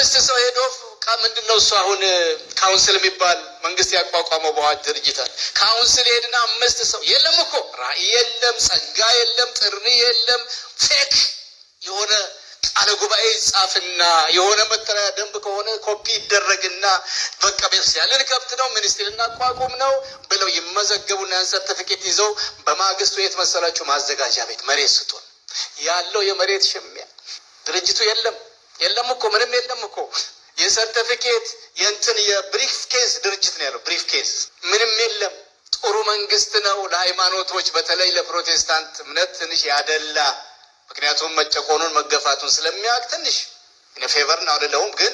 አምስት ሰው ሄዶ ምንድን ነው እሱ አሁን ካውንስል የሚባል መንግስት ያቋቋመው በኋላ ድርጅታል ካውንስል ሄድና አምስት ሰው የለም እኮ ራእይ የለም ጸጋ የለም ጥሪ የለም ፌክ የሆነ ቃለ ጉባኤ ይጻፍና የሆነ መጠሪያ ደንብ ከሆነ ኮፒ ይደረግና በቃ ያለን ከብት ነው ሚኒስትር እናቋቁም ነው ብለው ይመዘገቡና ያን ሰርተፊኬት ይዘው በማግስቱ የት መሰላችሁ ማዘጋጃ ቤት መሬት ስጡን ያለው የመሬት ሽሚያ ድርጅቱ የለም የለም እኮ ምንም የለም እኮ የሰርተፊኬት የእንትን የብሪፍ ኬስ ድርጅት ነው ያለው። ብሪፍ ኬስ ምንም የለም። ጥሩ መንግስት ነው ለሃይማኖቶች፣ በተለይ ለፕሮቴስታንት እምነት ትንሽ ያደላ ምክንያቱም መጨቆኑን መገፋቱን ስለሚያውቅ ትንሽ ፌቨርን አልለውም፣ ግን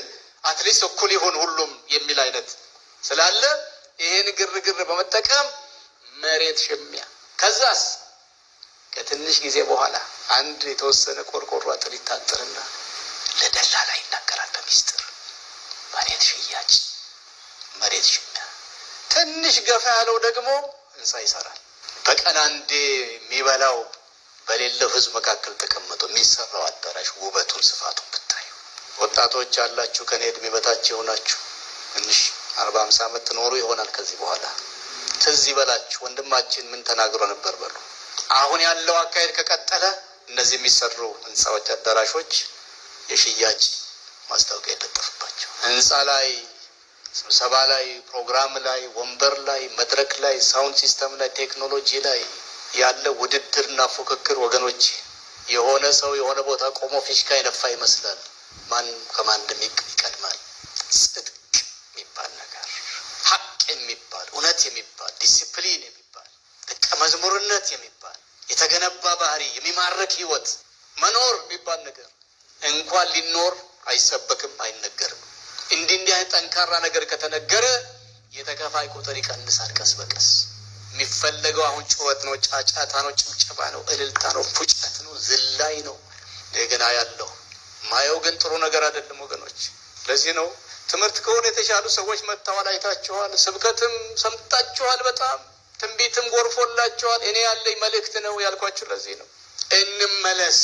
አትሊስት እኩል ይሁን ሁሉም የሚል አይነት ስላለ ይሄን ግርግር በመጠቀም መሬት ሽሚያ ከዛስ ከትንሽ ጊዜ በኋላ አንድ የተወሰነ ቆርቆሮ አጥር ይታጠርና ለደላላ ይናገራል በሚስጥር መሬት ሽያጭ፣ መሬት ሽሚያ። ትንሽ ገፋ ያለው ደግሞ ህንፃ ይሰራል። በቀን አንዴ የሚበላው በሌለው ህዝብ መካከል ተቀምጦ የሚሰራው አዳራሽ ውበቱን ስፋቱን ብታዩ፣ ወጣቶች ያላችሁ ከኔ እድሜ በታች የሆናችሁ ትንሽ አርባ አምስት ዓመት ትኖሩ ይሆናል ከዚህ በኋላ ትዝ ይበላችሁ ወንድማችን ምን ተናግሮ ነበር በሉ። አሁን ያለው አካሄድ ከቀጠለ እነዚህ የሚሰሩ ህንፃዎች፣ አዳራሾች የሽያጭ ማስታወቂያ ይለጠፍባቸው ህንፃ ላይ ስብሰባ ላይ ፕሮግራም ላይ ወንበር ላይ መድረክ ላይ ሳውንድ ሲስተም ላይ ቴክኖሎጂ ላይ ያለ ውድድርና ፉክክር ወገኖች፣ የሆነ ሰው የሆነ ቦታ ቆሞ ፊሽካ የነፋ ይመስላል። ማን ከማን ይቀድማል? ጽድቅ የሚባል ነገር፣ ሀቅ የሚባል እውነት የሚባል ዲሲፕሊን የሚባል ደቀ መዝሙርነት የሚባል የተገነባ ባህሪ የሚማርክ ህይወት መኖር የሚባል ነገር እንኳን ሊኖር አይሰበክም፣ አይነገርም። እንዲህ እንዲህ ጠንካራ ነገር ከተነገረ የተከፋይ ቁጥር ይቀንሳል ቀስ በቀስ። የሚፈለገው አሁን ጩኸት ነው፣ ጫጫታ ነው፣ ጭብጨባ ነው፣ እልልታ ነው፣ ፉጨት ነው፣ ዝላይ ነው ገና ያለው ማየው ግን ጥሩ ነገር አይደለም ወገኖች። ለዚህ ነው ትምህርት ከሆነ የተሻሉ ሰዎች መጥተዋል፣ አይታችኋል፣ ስብከትም ሰምታችኋል፣ በጣም ትንቢትም ጎርፎላችኋል። እኔ ያለኝ መልእክት ነው ያልኳችሁ ለዚህ ነው እንመለስ።